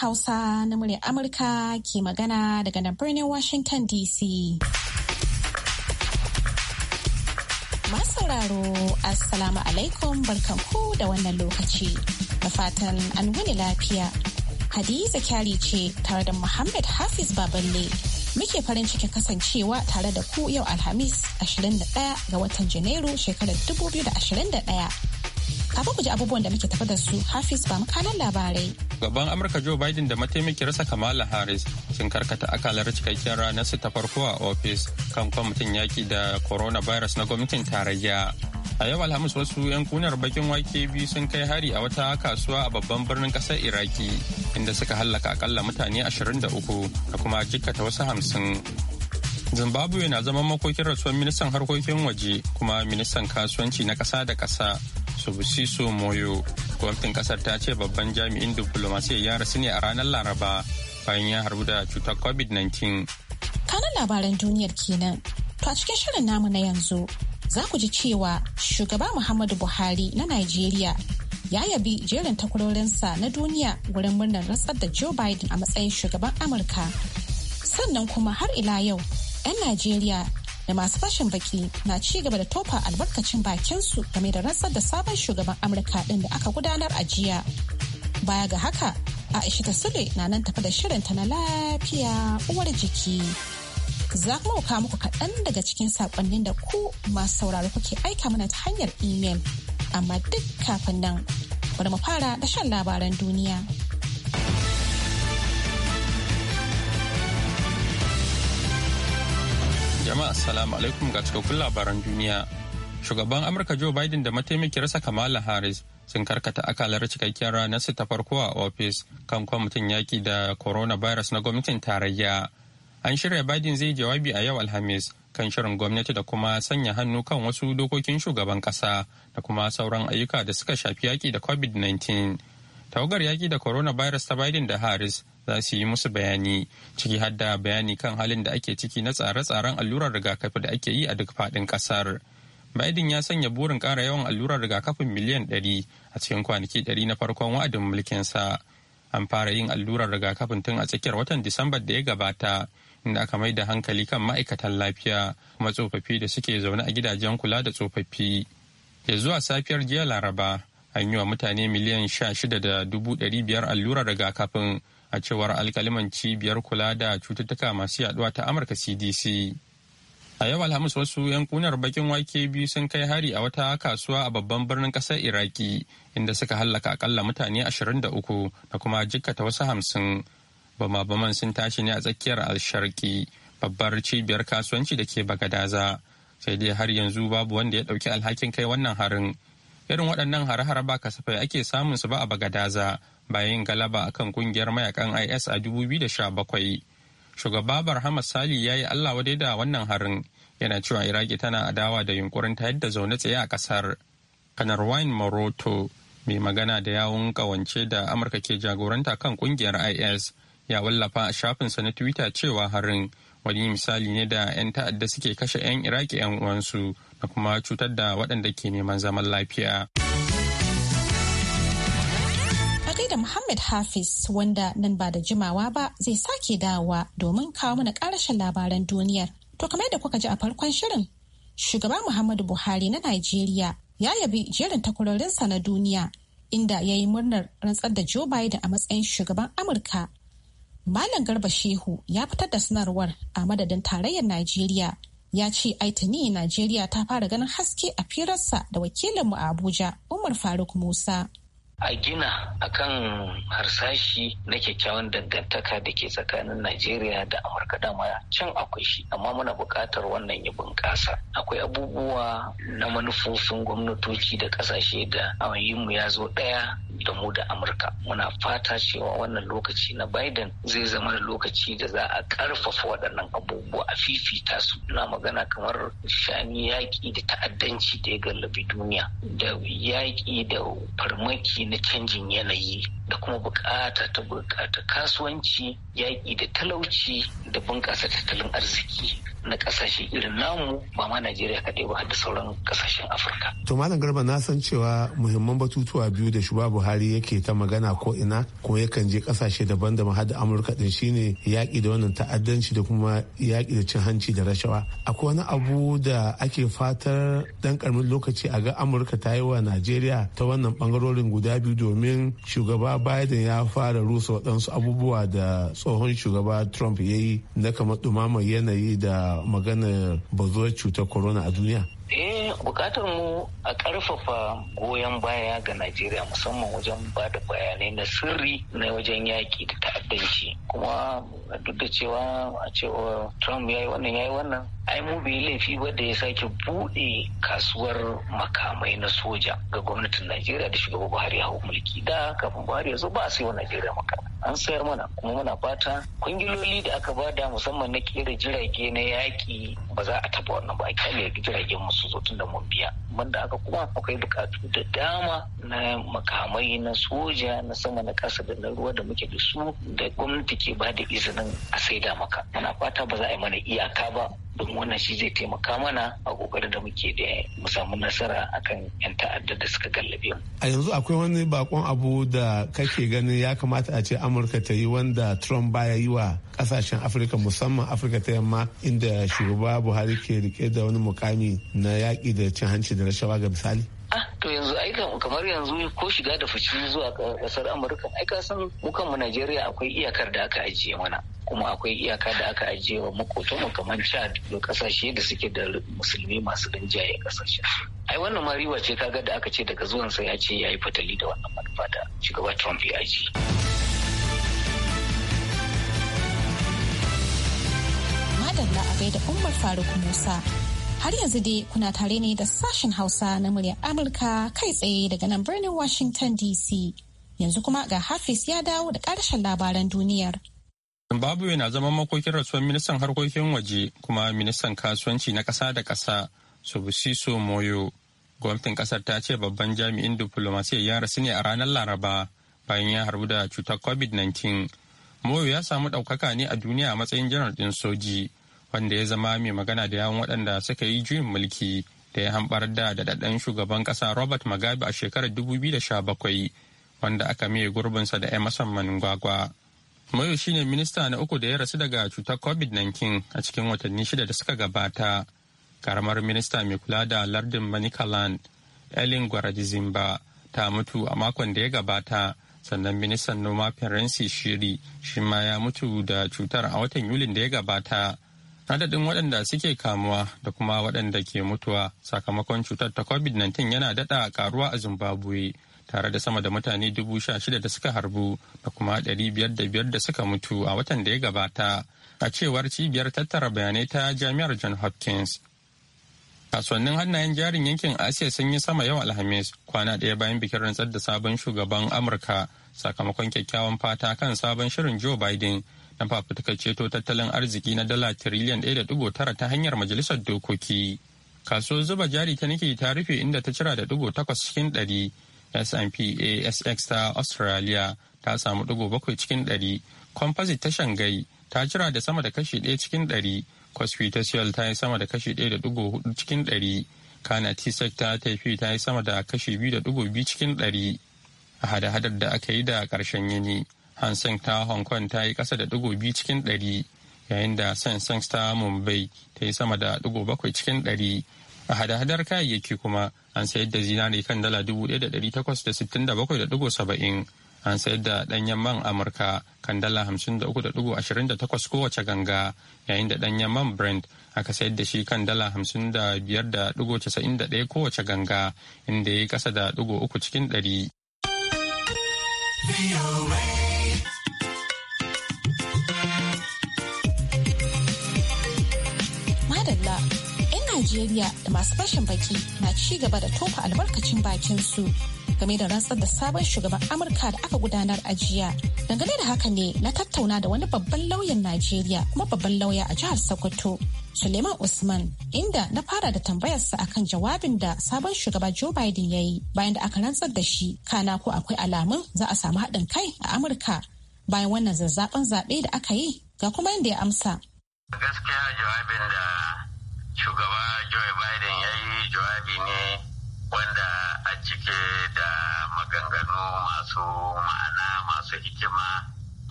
Hausa na muryar Amurka ke magana daga nan birnin Washington DC. sauraro Assalamu alaikum barkanku da wannan lokaci. Da fatan an wuni lafiya. Hadiza kyari ce tare da Muhammad Hafiz Baballe. muke farin cikin kasancewa tare da ku yau alhamis 21 ga watan janairu shekarar 2021 Kafin ku ji abubuwan da muke tafi da su Hafiz ba makalan labarai. Gaban Amurka Joe Biden da mataimakiyarsa Kamala Harris sun karkata akalar cikakken ranar su ta farko a ofis kan kwamitin yaki da coronavirus na gwamnatin tarayya. A yau Alhamis wasu 'yan kunar bakin wake biyu sun kai hari a wata kasuwa a babban birnin ƙasar Iraki inda suka hallaka akalla mutane ashirin da uku, kuma jikkata wasu hamsin. Zimbabwe na zaman makokin rasuwar ministan harkokin waje kuma ministan kasuwanci na ƙasa da kasa Subusiso Moyo. Gwamnatin kasar ta ce babban jami'in diplomasiyya ya rasu ne a ranar Laraba bayan ya harbu da cutar COVID-19. Kanan labaran duniyar kenan. To a cikin shirin namu na yanzu za ku ji cewa shugaba Muhammadu Buhari na Najeriya ya yabi jerin takwarorinsa na duniya wurin murnar rantsar da Joe Biden a matsayin shugaban Amurka. Sannan kuma har ila yau 'yan Najeriya da masu fashin baki na ci gaba da tofa albarkacin bakinsu game da rantsar da sabon shugaban amurka din da aka gudanar a jiya baya ga haka aisha ta sule na nan tafi da shirinta na lafiya uwar jiki za kuma kawo muku kaɗan daga cikin saƙonnin da ku masu sauraro kuke aika mana ta hanyar email amma duk kafin nan bari mu fara da shan labaran duniya. Jama'a salamu alaikum ga cikakkun labaran duniya. Shugaban Amurka Joe Biden da mataimakiyarsa Kamala Harris sun karkata akalar cikakkiyar ranarsu ta farko a ofis kan kwamitin yaki da coronavirus na gwamnatin tarayya. An shirya Biden zai jawabi a yau Alhamis kan shirin gwamnati da kuma sanya hannu kan wasu dokokin shugaban kasa da kuma sauran ayyuka da suka shafi yaki da covid-19 tawagar yaki da coronavirus ta biden da harris za su yi musu bayani ciki har da bayani kan halin da ake ciki na tsare-tsaren allurar rigakafi da ake yi a duk faɗin ƙasar. Biden ya sanya burin ƙara yawan allurar rigakafin miliyan ɗari a cikin kwanaki ɗari na farkon wa'adin mulkinsa. An fara yin allurar rigakafin tun a tsakiyar watan Disambar da ya gabata, inda aka mai da hankali kan ma'aikatan lafiya kuma tsofaffi da suke zaune a gidajen kula da tsofaffi. Ya zuwa safiyar jiya Laraba, an yi wa mutane miliyan da biyar allurar rigakafin a cewar alkaliman cibiyar kula da cututtuka masu yaduwa ta amurka cdc a yau alhamis wasu yankunar bakin wake biyu sun kai hari a wata kasuwa a babban birnin kasar iraki inda suka hallaka akalla mutane 23 da kuma jikkata wasu hamsin bama-baman sun tashi ne a tsakiyar alsharki babbar cibiyar kasuwanci da ke bagadaza sai dai har yanzu babu wanda ya dauki alhakin kai wannan harin irin waɗannan hare-hare ba kasafai ake samun su ba a bagadaza bayan galaba a kan kungiyar mayakan is a da sha bakwai. shugaba barhama sali ya yi allah wadai da wannan harin yana cewa iraki tana adawa da yunkurin ta yadda zaune tsaye a kasar kanar wine moroto mai magana da yawun kawance da amurka ke jagoranta kan kungiyar is ya wallafa a shafinsa na twitter cewa harin wani misali ne da 'yan ta'adda suke kashe 'yan iraki 'yan uwansu da kuma cutar da waɗanda ke neman zaman lafiya. da Muhammad Hafiz wanda nan ba da jimawa ba zai sake dawowa domin kawo mana ƙarashin labaran duniyar. To kamar da kuka ji a farkon shirin, shugaba Muhammadu Buhari na Najeriya ya yabi jerin takwarorinsa na duniya inda ya yi murnar rantsar da Joe Biden a matsayin shugaban Amurka Malam Garba Shehu ya fitar da sanarwar a madadin tarayyar Najeriya ya ce aitini Najeriya ta fara ganin haske a firarsa da wakilinmu a Abuja Umar Faruk Musa. a gina akan harsashi na kyakkyawan dangantaka da ke tsakanin Najeriya da Amurka dama can akwai shi amma muna buƙatar wannan ya bunƙasa akwai abubuwa na manufofin gwamnatoci da ƙasashe da mu ya zo ɗaya da mu da Amurka muna fata cewa wannan lokaci na Biden zai zama lokaci da za a ƙarfafa waɗannan abubuwa a fifita su na magana kamar shani yaƙi da ta'addanci da ya gallabi duniya da yaƙi da farmaki 那前几年的一 da kuma bukata ta bukata kasuwanci yaƙi da talauci da bunƙasa tattalin arziki na ƙasashe irin namu ba ma Najeriya kaɗai ba da sauran ƙasashen Afirka. To Malam Garba na san cewa muhimman batutuwa biyu da Shuba Buhari yake ta magana ko ina ko yakan je ƙasashe daban da har Amurka din shine yaƙi da wannan ta'addanci da kuma yaƙi da cin hanci da rashawa. Akwai wani abu da ake fatar dan karamin lokaci a ga Amurka ta yi wa Najeriya ta wannan bangarorin guda biyu domin shugaba biden ya fara rusa waɗansu abubuwa da tsohon shugaba trump ya yi na kamar ɗumamar yanayi da maganar bazuwar cutar corona a duniya eh bukatar mu a karfafa goyon baya ga najeriya musamman wajen ba da bayanai na sirri na wajen yaƙi da ta'addanci kuma duk da cewa a cewa trump ya yi wannan ya yi wannan ai mu bai laifi ba da ya sake buɗe kasuwar makamai na soja ga gwamnatin najeriya da shugaban buhari hau mulki da kafin buhari ya zo ba a sayo najeriya makamai an sayar mana kuma muna fata kwangiloli da aka bada musamman na kera jirage na yaƙi ba za a taɓa wannan ba a kyale jiragen musu zo tun da mun biya banda aka kuma akwai bukatu da dama na makamai na soja na sama na kasa da na ruwa da muke da su da gwamnati ke ba da izinin a saida maka Ana fata ba za a yi mana iyaka ba don wannan shi zai taimaka mana a kokarin da muke da mu samu nasara akan yan ta'adda da suka gallabe mu a yanzu akwai wani bakon abu da kake ganin ya kamata a ce amurka ta yi wanda trump baya yi wa kasashen afirka musamman afirka ta yamma inda shugaba buhari ke rike da wani mukami na yaƙi da cin hanci da rashawa ga misali ah, to yanzu ai kamar yanzu ko shiga da fice zuwa kasar amurka ai ka san mu kanmu najeriya akwai iyakar da aka ajiye mana kuma akwai iyaka da aka ajiye wa mu kamar chad da kasashe da suke da musulmi masu rinjaye kasashe ai wannan ma riwa ce kaga da aka ce daga zuwan zuwansa ya ce ya yi fatali da wannan manufa da shugaba trump ya ajiye madalla a da Umar Faruk Musa. Har yanzu dai kuna tare ne da sashen Hausa na muryar Amurka kai tsaye daga nan birnin Washington DC. Yanzu kuma ga Hafiz ya dawo da ƙarshen labaran duniyar. Zimbabwe na zama makokin rasuwar ministan harkokin waje kuma ministan kasuwanci na kasa da ƙasa Subusiso Moyo. Gwamnatin ƙasar ta ce babban jami'in diflomasiyya ya rasu ne a ranar Laraba bayan ya harbu da cutar COVID-19. Moyo ya samu ɗaukaka ne a duniya a matsayin janar ɗin soji. wanda ya zama mai magana da yawan waɗanda suka yi juyin mulki da ya hambar da daɗaɗɗen shugaban ƙasa robert mugabe a shekarar dubu bakwai wanda aka mai gurbinsa da emerson gwagwa. mayo shine minista na uku da ya rasu daga cutar covid-19 a cikin watanni shida da suka gabata karamar minista mai kula da lardin manicaland elin gwaradizimba ta mutu a makon da ya gabata sannan ministan noma ferensi shiri shi ma ya mutu da cutar a watan yulin da ya gabata adadin waɗanda suke kamuwa da kuma waɗanda ke mutuwa sakamakon cutar ta covid-19 yana daɗa karuwa a zimbabwe tare da sama da mutane dubu sha shida da suka harbu da kuma ɗari biyar da biyar da suka mutu a watan da ya gabata a cewar cibiyar tattara bayanai ta jami'ar john hopkins kasuwannin hannayen jarin yankin asiya sun yi sama yau alhamis kwana ɗaya bayan bikin rantsar da sabon shugaban amurka sakamakon kyakkyawan fata kan sabon shirin Joe Biden na fafutukar ceto tattalin arziki na dala tiriliyan 1.9 ta hanyar majalisar dokoki. Kasuwar zuba jari ta nike ta rufe inda ta cira da dugo takwas cikin ɗari. S&P ASX ta Australia ta samu dugo bakwai cikin ɗari. Composite ta Shanghai ta cira da sama da kashi ɗaya cikin ɗari. Cosby ta Seoul ta yi sama da kashi ɗaya da dugo hudu cikin ɗari. Kana T-Sec ta Taipei ta yi sama da kashi biyu da dugo biyu cikin ɗari. a hada-hadar da aka yi da karshen yini hansen ta hong kong ta yi kasa da digo biyu cikin ɗari yayin da sansan ta mumbai ta yi sama da digo bakwai cikin ɗari a hada-hadar kayayyaki kuma an sayar da zinare kan dala dubu ɗaya da ɗari takwas da sittin da bakwai da digo saba'in an sayar da ɗanyen man amurka kan dala hamsin da uku da digo ashirin da takwas kowace ganga yayin da ɗanyen man brent aka sayar da shi kan dala hamsin da biyar da digo casa'in da ɗaya kowace ganga inda ya yi ƙasa da digo uku cikin ɗari Madalla, 'yan Najeriya da masu fashin baki na ci gaba da tofa albarkacin bakin su game da rantsar da sabon shugaban Amurka da aka gudanar a jiya. Dangane da haka ne na tattauna da wani babban lauyan Najeriya kuma babban lauya a jihar Sokoto. Suleiman Usman inda na fara da tambayarsa akan jawabin da sabon shugaba Joe Biden ya yi bayan da aka rantsar da shi kana ko akwai alamun za a samu haɗin kai a Amurka bayan wannan zazzaɓen zaɓe da aka yi ga kuma yadda ya amsa. Gaskiya jawabin da shugaba Joe Biden ya yi jawabi ne wanda a cike da maganganu masu ma'ana masu hikima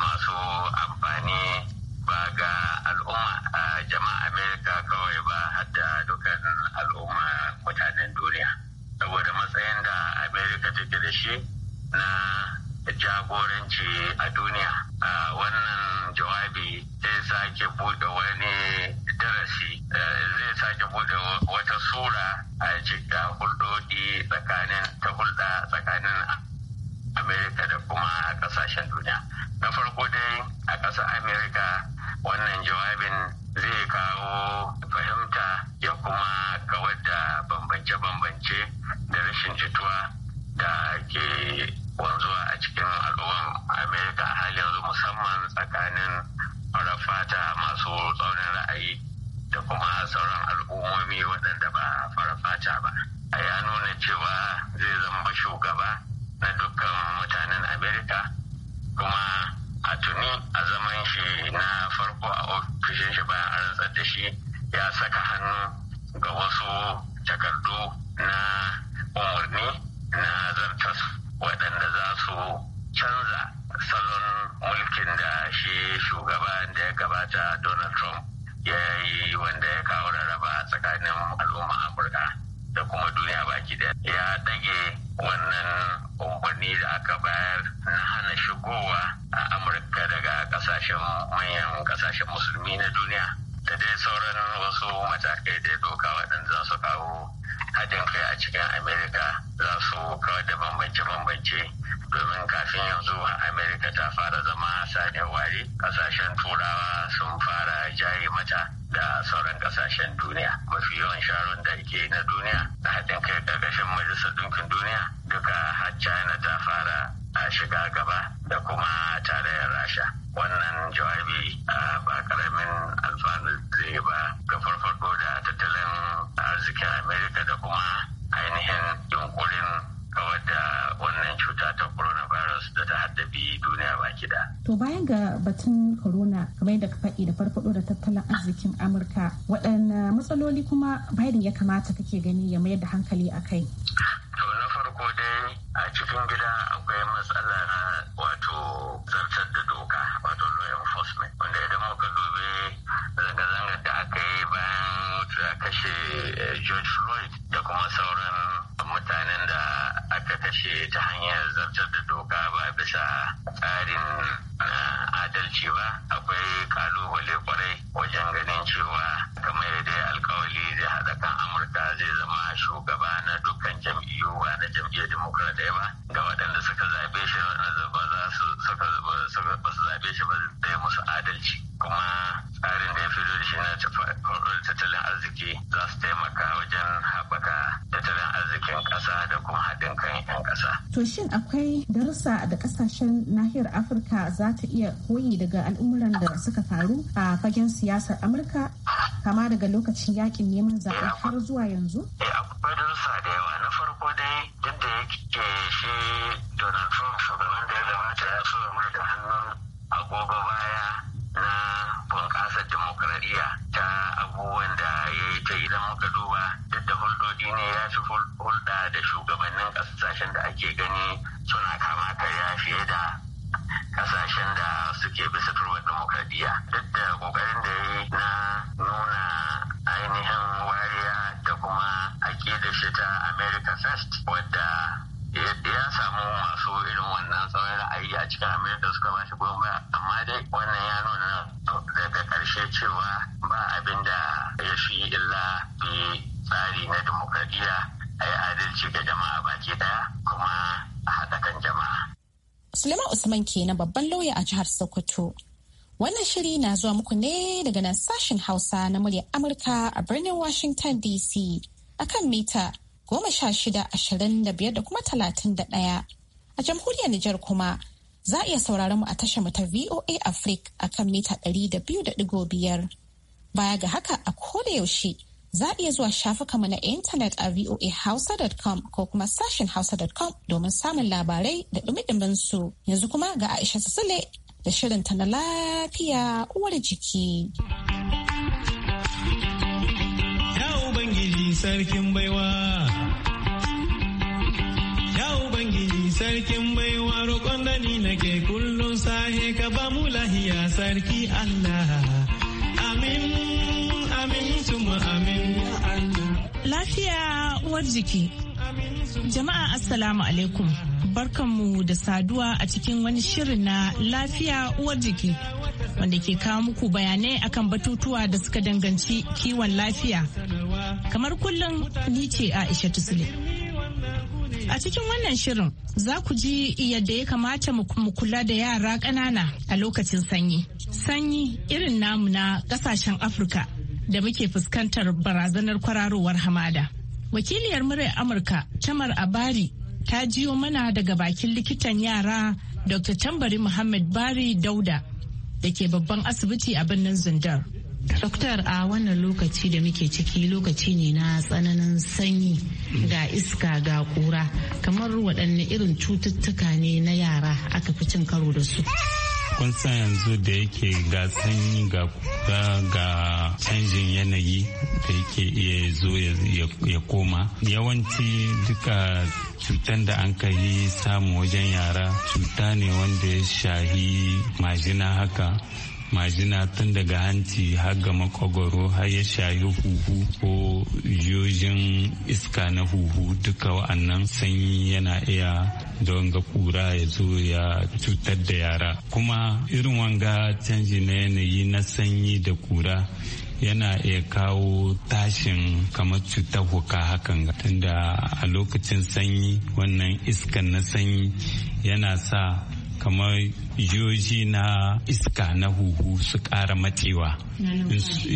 masu amfani ba ga al'umma a jama'a amerika kawai ba hadda dukkan al'umma mutanen duniya saboda matsayin da amerika take da shi na jagoranci a duniya wannan jawabi zai sake bude wani darasi eh, zai sake bude wata sura a cikin hulɗu kuɗi tsakanin ta hulɗa tsakanin amerika da kuma ƙasashen duniya na farko dai a ƙasar amerika wannan jawabin zai kawo da shi ya saka hannu ga wasu takardu na umarni na zartas waɗanda za su canza salon mulkin da shi shugaban da ya gabata donald trump ya yi wanda ya kawo rarraba tsakanin al'umma amurka da kuma duniya baki da ya ɗage wannan umarni da aka bayar na hana shigowa a amurka daga kasashen manyan ƙasashen musulmi na duniya da dai sauran wasu matakai da doka waɗanda za su kawo haɗin kai a cikin amerika za su kawar da bambance-bambance domin kafin yanzu amerika ta fara zama saniyar ware kasashen turawa sun fara jaye mata da sauran kasashen duniya mafi yawan sharon da ke na duniya da hadin kai ƙarƙashin majalisar Dukin duniya duka har china ta fara a shiga gaba da kuma tarayyar rasha wannan jawabi To bayan ga batun corona kamar yadda ka faɗi da farfaɗo da tattalin arzikin Amurka waɗanne matsaloli kuma Biden ya kamata kake gani ya mayar da hankali a kai? To na farko dai a cikin gida akwai matsalar. To shin akwai darussa da kasashen nahiyar Afirka za ta iya koyi daga al'umuran da suka faru a fagen siyasar Amurka kama daga lokacin yakin neman zaɓe har zuwa yanzu? Eh, america first wadda ya samu masu irin wannan tsawon ra'ayi a cikin america suka ba shi goma amma dai wannan ya nuna daga karshe cewa ba abin da ya fi illa bi tsari na demokradiyya a yi adalci ga jama'a baki daya kuma a haɗa kan jama'a. Suleiman Usman ke na babban lauya a jihar Sokoto. Wannan shiri na zuwa muku ne daga nan sashen Hausa na murya Amurka a birnin Washington DC akan mita goma sha shida ashirin da biyar da kuma talatin da ɗaya. A jamhuriyar Nijar kuma za a iya sauraron mu a tashar mu ta VOA Africa a kan mita ɗari da biyu da ɗigo biyar. Baya ga haka a koda yaushe za a iya zuwa shafukan mu na intanet a voahausa.com ko kuma sashen hausa.com domin samun labarai da ɗumi su. Yanzu kuma ga Aisha Sule da shirin ta na lafiya uwar jiki. Ya Ubangiji sarkin baiwa. imani nake kullum sahe ka ba mu lahiya sarki Allah. Amin, amin, tuma amin. Lafiya uwar jiki. Jama'a Assalamu alaikum. Barkanmu da saduwa a cikin wani shirin na lafiya uwar jiki wanda ke kawo muku bayanai akan batutuwa da suka danganci kiwon lafiya. Kamar kullum ni ce Aisha Tusule. A cikin wannan shirin za ku ji yadda ya kamata mu kula da yara ƙanana a lokacin sanyi. Sanyi irin namu na ƙasashen Afirka da muke fuskantar barazanar kwararowar hamada. Wakiliyar muryar Amurka Tamar Abari ta jiyo mana daga bakin likitan yara Dr. Tambari Muhammad Bari Dauda da ke babban asibiti a birnin zindar Doktor a wannan lokaci da muke ciki lokaci ne na tsananin sanyi ga iska ga kura kamar waɗanne irin cututtuka ne na yara aka fi cin karo da su. kun san yanzu da yake ga sanyi ga kura ga canjin yanayi da yake iya zo ya koma yawanci duka cutan da an ka yi samu wajen yara cuta ne wanda ya shahi majina haka majina tun daga hanci har ga makogoro har ya shayi huhu ko yojin iska na huhu duka wa'annan sanyi yana iya don ga kura ya zo ya cutar da yara kuma irin wanga canji na yanayi na sanyi da kura yana iya kawo tashin kamar cutar huka hakan tunda a lokacin sanyi wannan iskan na sanyi yana sa kamar yoji na iska na huhu su kara matsewa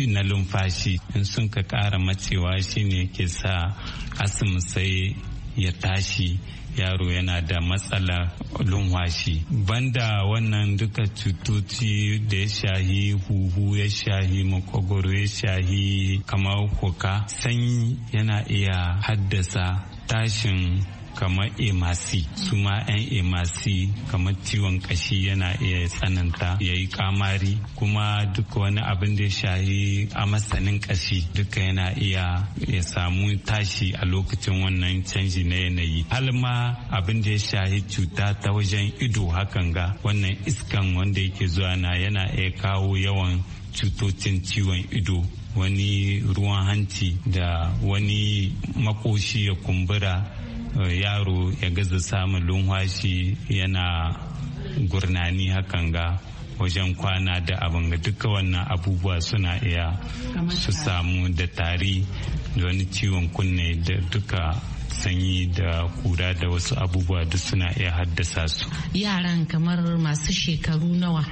na lumfashi in sun ka kara matsewa shine ke sa asim sai ya tashi yaro yana da matsala lumfashi banda wannan duka cututi da ya shahi huhu ya shahi makogoro ya shahi kamar kuka sanyi yana iya haddasa tashin kamar emasi su ma 'yan emasi kamar ciwon kashi yana iya tsananta ya yi kamari kuma duk wani abin da ya shahi amasanin kashi duka yana iya ya samu tashi a lokacin wannan canji na yanayi har ma abin da ya shahi cuta ta wajen ido hakan ga wannan iskan wanda yake zuwa na yana iya kawo yawan cutocin ciwon ido wani ruwan hanci da wani makoshi ya kumbura Eh, yaro ya gaza samun lunwashi yana gurnani hakan ga wajen kwana da abin ga duka wannan abubuwa suna iya su samu da tari da wani ciwon kunne da duka sanyi da kura da wasu abubuwa duk suna iya haddasa su yaran kamar masu shekaru nawa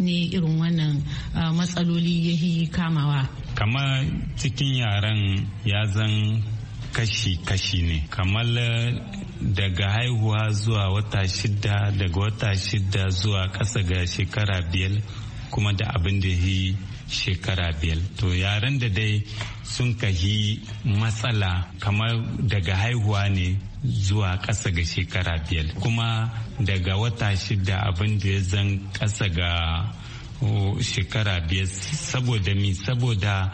ne irin wannan eh, matsaloli ya kamawa kamar cikin yaran ya zan kashi-kashi ne kamar eh, daga haihuwa zuwa wata shida daga wata shida zuwa ƙasa ga shekara biyar kuma da abin da yi shekara biyar to yaren da dai sun kahi matsala kamar daga haihuwa ne zuwa ƙasa ga shekara biyar kuma daga wata shida abin da ya zan ƙasa ga shekara biyar saboda mi saboda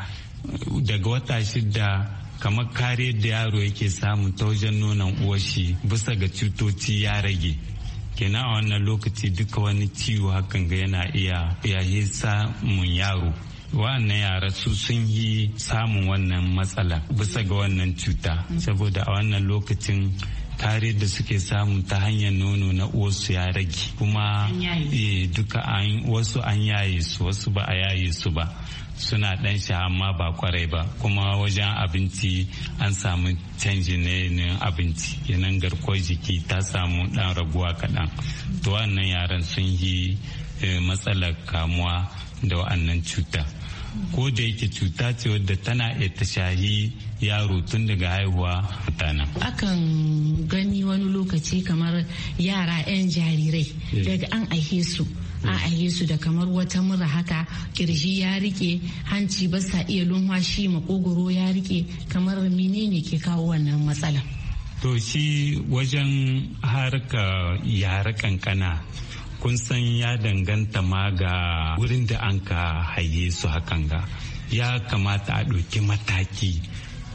eh, daga wata shida kamar kare da yaro yake samu ta wajen nonon uwashi bisa ga cutoci ya rage kenan a wannan lokaci duka wani ciwo hakan ga yana iya yaye samun yaro wannan yara su sun yi samun wannan matsala bisa ga wannan cuta saboda a wannan lokacin kare da suke samu ta hanyar nono na uwarsu ya rage kuma eh, duka wasu an yaye su wasu ba a yaye su ba suna ɗan sha amma ba kwarai ba kuma wajen abinci an samu canji ne abinci yanan garkuwar jiki ta samu ɗan raguwa kaɗan to wannan yaran sun yi eh, matsalar kamuwa da wa'annan cuta ko da yake cuta ce wadda tana iya ta shahi yaro tun daga haihuwa mutana. akan gani wani lokaci kamar yara 'yan jarirai eh. daga an aihe su a aye su da kamar wata mura haka kirji ya rike hanci ba sa iya lumwashi makogoro ya rike kamar menene ke kawo wannan matsala to shi wajen harka yara kankana kun san ya danganta ma ga wurin da an ka haye su hakan ga ya kamata a ɗauki mataki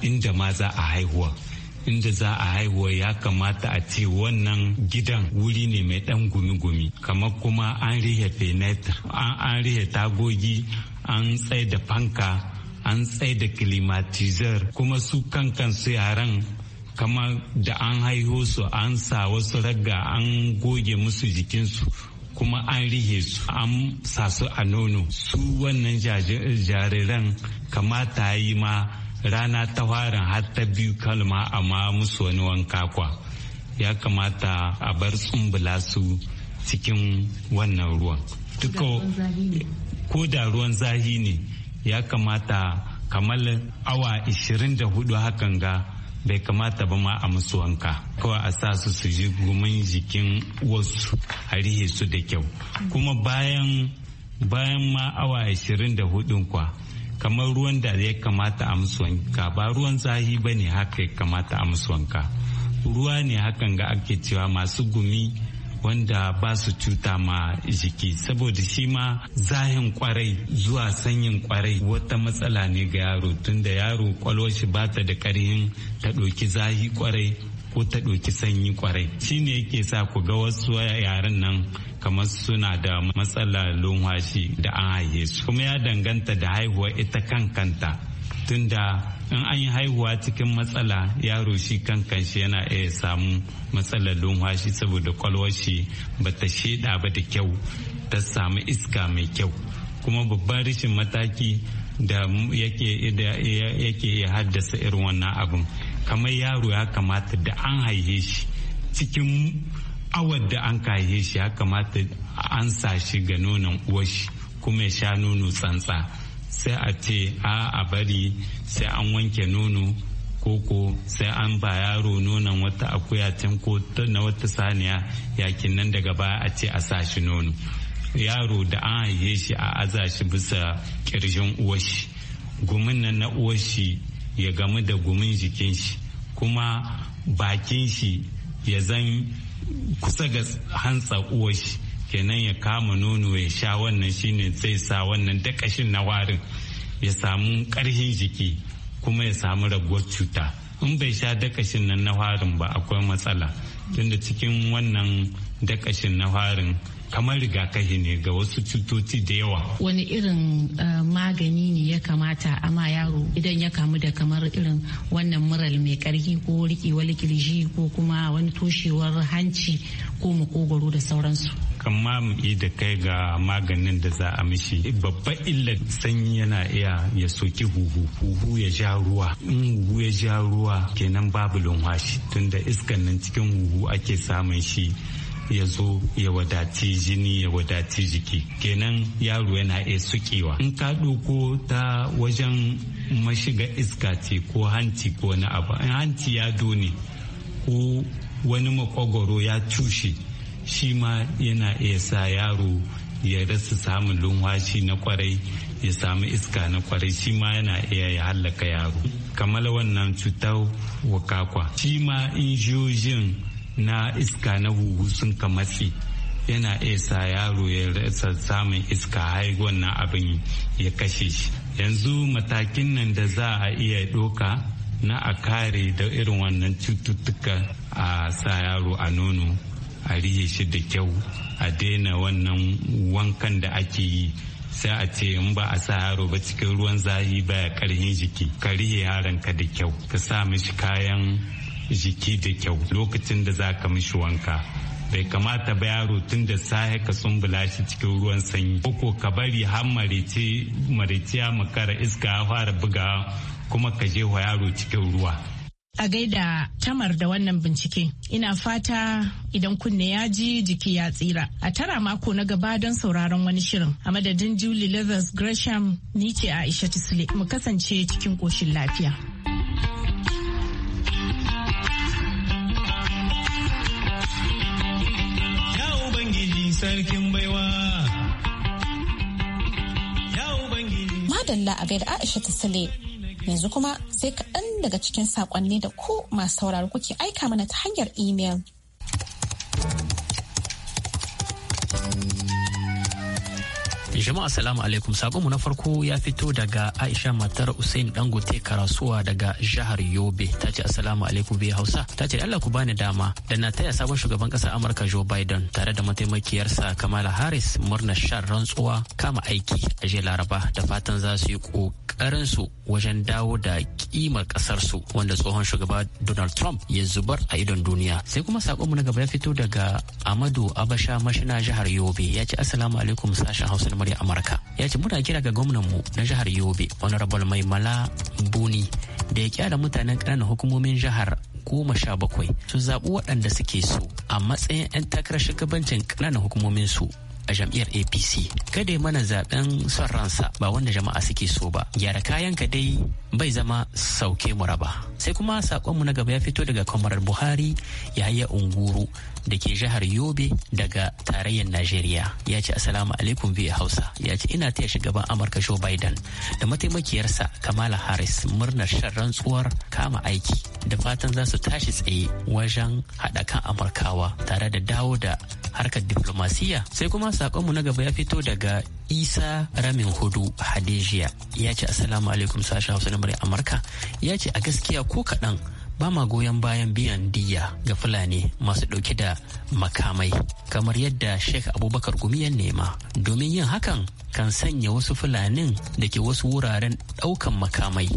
inda ma za a haihuwa inda za a haihuwa ya kamata a ce wannan gidan wuri ne mai dan gumi-gumi kamar kuma an rihe fenetra an rihe tagogi an tsaye da fanka an tsaye da climatizer kuma su kankan su yaran kama da an haihu su an sa wasu ragga an goge musu jikinsu kuma an rihe su an sa su a nono su wannan jariran kamata yi ma rana ta farin har ta biyu kalma ma musu wani wanka kwa ya kamata a bar tsumbula su cikin wannan ruwan ko da ruwan zahi ne ya kamata kamar awa 24 hakan ga bai kamata ba ma a musu wanka kawai a sa su su ji gumin jikin wasu harihe su da kyau kuma bayan bayan ma awa 24 kwa kamar ruwan da ya kamata a musu wanka ba ruwan zahi ba ne haka ya kamata a musu wanka ruwa ne hakan ga ake cewa masu gumi wanda ba su cuta ma jiki saboda shi ma zahin kwarai zuwa sanyin kwarai wata matsala ne ga yaro tunda yaro kwalwashi ba ta da karhin ta ɗauki zahi kwarai ko ta ɗauki sanyi kwarai shi ne yake sa ku ga wasu yaren nan kamar suna da matsalar lumhashi da an haihe su kuma ya danganta da haihuwa ita kankanta tunda in an yi haihuwa cikin matsala yaro shi kankan shi yana iya samu matsalar lumhashi saboda kwalwar shi ba ta sheda ba da kyau ta samu iska mai kyau kuma babban rashin mataki da yake iya haddasa irin wannan abin kamar yaro ya kamata da an haihe shi cikin awar da an kaye shi ya kamata an sa shi ga nonon uwashi kuma ya sha nono tsantsa sai a ce a a bari sai an wanke nono koko sai an ba yaro nonon wata akuya can ko na wata saniya yakin nan daga baya a ce a sa shi nono yaro da an haye shi a aza shi bisa kirjin uwashi gumin nan na uwashi ya gamu da gumin jikin shi kuma bakin shi ya zan kusa ga hantsa Uwashi kenan ya kama nono ya sha wannan shine zai sa wannan dakashin na warin ya samu karhin jiki kuma ya samu raguwar cuta in bai sha dakashin nan na warin ba akwai matsala tunda cikin wannan dakashin na warin kamar rigakafi ne ga wasu cutoci da yawa. Wani irin eh, magani ne ya kamata ama yaro idan ya kamu da kamar irin wannan mural mai karfi ko rikewar kirji ko kuma wani toshewar hanci ko makogoro da sauransu. kama yi da kai ga maganin da za a mishi babban illar sanyi yana iya ya soki huhu huhu ya ja ruwa in huhu ya ja ruwa kenan babu lunwashi tunda iskan nan cikin huhu ake samun shi ya zo ya wadaci jini ya wadaci jiki kenan yaro yana iya sukewa in ka ɗauko ta wajen mashiga iska ce ko hanci ko wani abu in hanci ya done ko wani makogoro ya cushe shi ma yana iya sa yaro ya rasa samun lumwashi na kwarai ya samu iska na kwarai shi ma yana iya ya hallaka yaro kamar wannan cutar wakakwa shi ma injiyojin na iska na huhu sun ka matsi yana isa yaro ya rasa samun iska haihuwan na abin ya kashe shi yanzu matakin nan da za a iya doka na a kare da irin wannan cututtuka a sa yaro a nono a riye shi da kyau a daina wannan wankan da ake yi sai a ce in ba a sa yaro ba cikin ruwan zahi baya karhin jiki ka rihe yaron ka da kyau ka sa mishi kayan jiki da kyau lokacin da za ka mishi wanka bai kamata ba yaro tun da sahe ka sumbula shi cikin ruwan sanyi ko ka bari har marice ya makara iska ya fara buga kuma ka je wa yaro cikin ruwa a gaida tamar da wannan bincike ina fata idan kunne ya ji jiki ya tsira a tara mako na gaba don sauraron wani shirin a madadin julie leathers gresham ni ce aisha tisle mu kasance cikin koshin lafiya madalla a gaida aisha ta sule yanzu kuma sai kaɗan daga cikin saƙonni da ku masu sauraro kuke aika mana ta hanyar imel. Jama'a salamu alaikum sakonmu na farko ya fito daga Aisha matar Usain Dangote Karasuwa daga jihar Yobe ta ce assalamu alaikum bai Hausa ta ce Allah ku bani dama da na taya sabon shugaban kasar Amurka Joe Biden tare da mataimakiyarsa Kamala Harris murnar shan rantsuwa kama aiki a jiya Laraba da fatan za su yi kokarin su wajen dawo da kimar ƙasarsu wanda tsohon shugaba Donald Trump ya zubar a idon duniya sai kuma sakonmu na gaba ya fito daga Amadu Abasha Mashina jihar Yobe ya ce assalamu alaikum sashen Hausa na murya amurka ya ce muna kira ga gwamnanmu na jihar yobe honorable mai mala buni da ya kyara mutanen ƙananan hukumomin jihar goma sha bakwai su zaɓi waɗanda suke so a matsayin 'yan takarar shugabancin ƙananan hukumomin su a jam'iyyar apc kada mana zaben son ransa ba wanda jama'a suke so ba gyara kayan ka dai bai zama sauke mu raba sai kuma sakonmu na gaba ya fito daga kwamarar buhari yi unguru da ke jihar Yobe daga tarayyar Najeriya ya ce Assalamu alaikum biyu Hausa ya ce ina taya shugaban Amurka Joe Biden da mataimakiyarsa Kamala Harris murnar shan rantsuwar kama aiki da fatan za su tashi tsaye wajen haɗa kan Amurkawa tare da dawo da harkar diplomasiya sai kuma sakonmu na gaba ya fito daga isa ramin hudu hadejiya ya ce assalamu alaikum sashen hausa na amurka ya ce a gaskiya ko kaɗan ba ma goyon bayan biyan diya ga fulani masu ɗauke da makamai kamar yadda sheikh abubakar gumiyan nema domin yin hakan kan sanya wasu fulanin da ke wasu wuraren ɗaukan makamai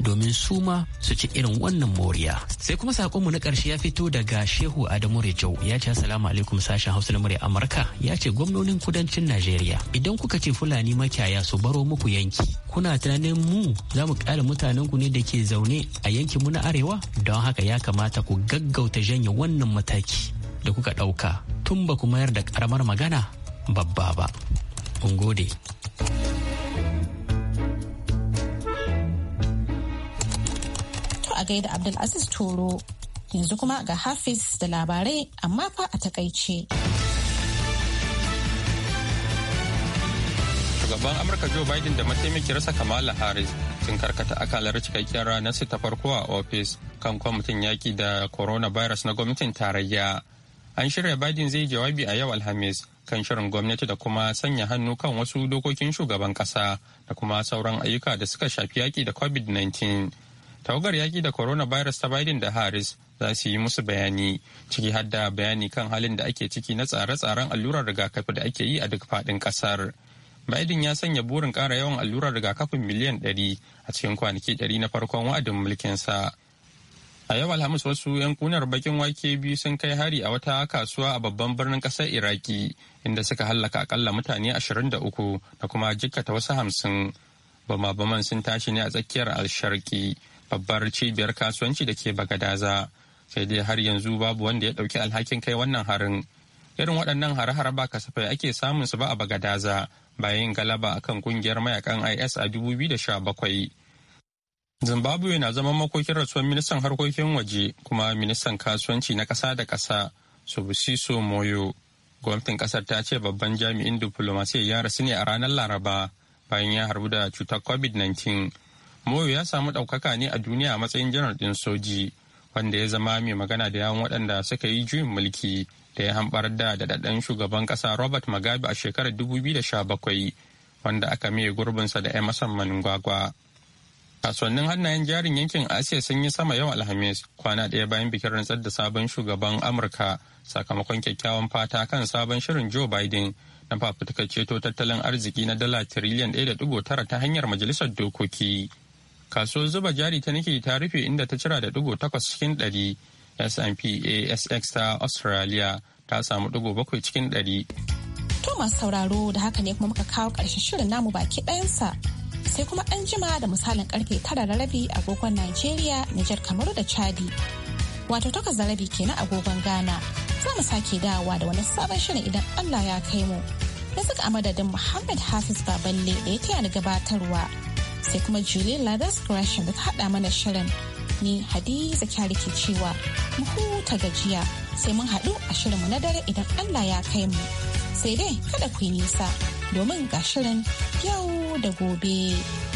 domin suma su ci irin wannan moriya sai kuma sakonmu na ƙarshe ya fito daga shehu adamu rejo ya ce assalamu alaikum sashen hausa na murya amurka ya ce gwamnonin kudancin najeriya idan kuka ce fulani makiyaya su baro muku yanki kuna tunanin mu za mu ƙara mutanen ku ne da ke zaune a yankin mu na arewa don haka ya kamata ku gaggauta janye wannan mataki da kuka ɗauka tun ba ku mayar da ƙaramar magana babba ba. Ungode. gode. a gaida Abdulaziz Toro. Yanzu kuma ga Hafiz da labarai amma fa a takaice. Shugaban Amurka Joe Biden da mataimakiyarsa Kamala Harris sun karkata akalar cikakkiyar ranar su ta farko a ofis kan kwamitin yaki da coronavirus na gwamnatin tarayya. An shirya Biden zai jawabi a yau Alhamis kan shirin gwamnati da kuma sanya hannu kan wasu dokokin shugaban kasa da kuma sauran ayyuka da suka shafi yaki da COVID-19. tawagar yaki da coronavirus ta biden da harris za su yi musu bayani ciki har da bayani kan halin da ake ciki na tsare-tsaren allurar rigakafi da ake yi a duk faɗin ƙasar biden ya sanya burin ƙara yawan allurar rigakafin miliyan 100 a cikin kwanaki 100 na farkon wa'adin mulkinsa a yau alhamis wasu yan kunar bakin wake biyu sun kai hari a wata kasuwa a babban birnin ƙasar iraki inda suka hallaka akalla mutane 23 da kuma jikkata wasu hamsin bama-baman sun tashi ne a tsakiyar alsharki babbar cibiyar kasuwanci da ke bagadaza sai dai har yanzu babu wanda ya ɗauki alhakin kai wannan harin irin waɗannan hare-hare ba kasafai ake samun su ba a bagadaza bayan galaba akan kungiyar mayakan is a dubu biyu da sha bakwai. zimbabwe na zama makokin rasuwar ministan harkokin waje kuma ministan kasuwanci na ƙasa da ƙasa subusiso moyo gwamnatin ƙasar ta ce babban jami'in diplomasiyya ya rasu ne a ranar laraba bayan ya harbu da cutar covid-19 Moyo ya samu ɗaukaka ne a duniya a matsayin janar ɗin soji wanda ya zama mai magana da yawan waɗanda suka yi juyin mulki da ya hambar da daɗaɗɗen shugaban ƙasa Robert Mugabe a shekarar 2017 wanda aka miye gurbinsa da masamman gwagwa. Kasuwannin hannayen jarin yankin Asiya sun yi sama yau Alhamis kwana ɗaya bayan bikin rantsar da sabon shugaban Amurka sakamakon kyakkyawan fata kan sabon shirin Joe Biden na fafutukar ceto tattalin arziki na dala tiriliyan 1.9 ta hanyar majalisar dokoki. kasuwar zuba jari ta nike ta rufe inda ta cira da digo takwas cikin ɗari S&P ASX ta Australia ta samu digo bakwai cikin ɗari. To masu sauraro da haka ne kuma muka kawo ƙarshen shirin namu baki ɗayansa sai kuma an jima da misalin karfe tara da rabi agogon Najeriya, Nijar Kamaru da Chadi. Wato takwas da rabi kenan agogon Ghana. Za mu sake dawowa da wani sabon shirin idan Allah ya kai mu. Ya amadadin a madadin Muhammad Hafiz Baballe da ya taya ni gabatarwa. sai kuma Julie Ladas Gresham da ta haɗa mana shirin. Ni Hadiza Kyari ke cewa mu huta gajiya sai mun haɗu a shirinmu na dare idan Allah ya kai mu. Sai dai kada ku yi nisa domin ga shirin yau da gobe.